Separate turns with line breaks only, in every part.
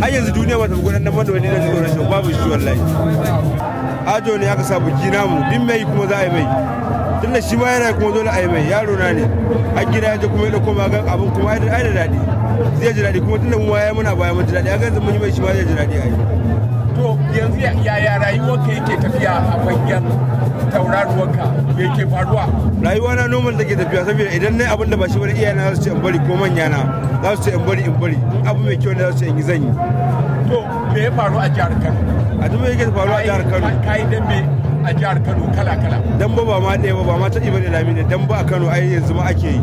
har yanzu duniya ba ta gudanar da wanda wani da shi gudanar shi babu shi wallahi ajo ne aka sa buki namu din mai kuma za a yi mai tun da shi ma yana kuma dole a yi mai yaro na ne har gida ya je kuma ya koma ga abin kuma ai da daɗi zai ji daɗi kuma tun da mu ma ya muna baya mun ji daɗi a yanzu mun yi mai shi ma zai ji daɗi a yi.
to yanzu yaya rayuwarka yake tafiya a
fagen tauraruwanka me ke faruwa rayuwa na noman take tafiya saboda idan nayi abin da ba shi bane iyayena za su ce in bari ko manya na za su ce in bari in bari abu mai kyau ne za su ce in yi zan yi to me ya faru a jihar Kano a duk me yake faru a jihar Kano kai dambe a jihar Kano kala kala dambe ba ma ɗaya ba ba ma ta ibada lami ne dambe a Kano ai yanzu ma ake yi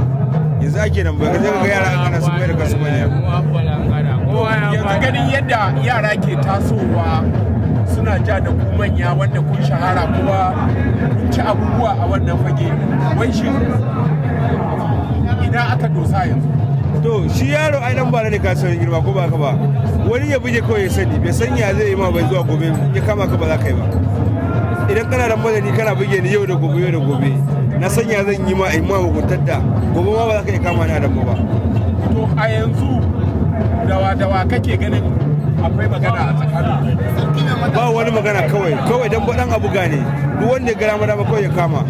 yanzu ake nan ba kaje ga yara kana sun mai da kasu
manya yanzu ganin yadda yara ke tasowa muna ja da ku manya wanda kun shahara kowa kun ci abubuwa a wannan fage wai shi idan aka dosa yanzu
to shi yaro ai nan ba da ka san girma ko ba ka ba wani ya buge kawai ya sani bai san ya zai yi ma bai zuwa gobe ya kama ka ba za ka yi ba idan kana da madani kana buge ni yau da gobe yau da gobe na sanya zan yi ma in ma hukuntar da gobe ma ba za ka yi kama ni a ba
to a yanzu dawa dawa kake ganin akwai magana a tsakanin
ba wani magana kawai kawai dan baɗan abu gane duk wanda ya gara ba kawai ya kama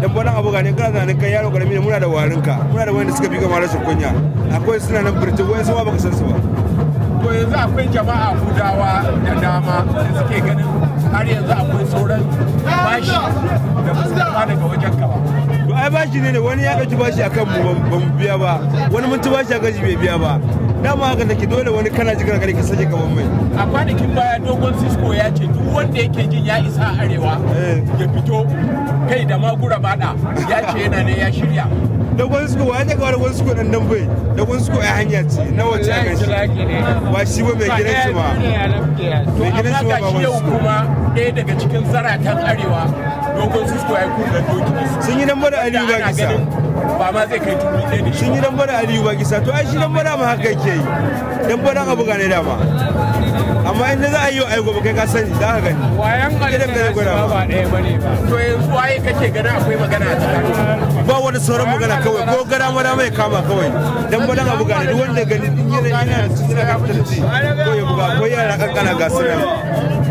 dan baɗan abu gane kana zanen kai yaro karami ne muna da warinka muna da wanda suka fi kamar rashin kunya akwai suna nan birtin wani sama ba baka san su ba
to yanzu akwai jama'a hudawa da dama da suke ganin har yanzu akwai sauran bashi da musulma daga wajen ka ba ai bashi ne wani ya ɗauki bashi
akan mu ban biya ba wani mun ci bashi a gaji bai biya ba dama haka take dole wani kana ji
gargare ka sake gaban mai a kwanakin baya dogon cisco ya ce duk wanda yake jin ya isa arewa eh. ya fito kai da magura bada ya ce yana ne ya shirya
dogon cisco ya daga dogon cisco dan dambe dogon cisco ya hanya ce na wace a gashi ba shi ba mai gidan shi ba mai
gidan shi ba wani yau kuma ɗaya daga cikin zaratan arewa dogon cisco ya kuma doki sun yi nan mara aliyu ga gisa. ba ma
zai kai dubu ne ne shin yi dan bada aliyu ba kisa to ai shi dan bada ma haka yake yi dan bada abu gane dama amma in za a yi ai gobe kai ka sani za ka gani wayan alƙalin ba ɗaya ba ne ba to yanzu
waye kake gana akwai magana a
ba wani sauran magana kawai ko gana ma dama ya kama kawai dan bada abu gane duk wanda gani din yana yana cikin kafitanci ko ya buga ko yara kankana ga su nan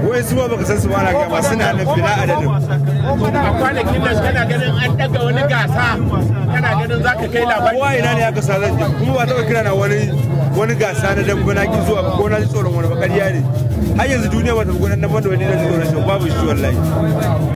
wai su ba baka san su ba na gama suna nan bila adadin
a kwanakin nan kana ganin an daga wani gasa kana ganin za ka kai labari kowa ina ne
aka sanar da kuma ba taɓa kira na wani wani gasa na dambe na ki zuwa ko na ci tsoron wani bakariya ne har yanzu duniya ba ta gona na ba da wani na ji tsoron shi babu shi wallahi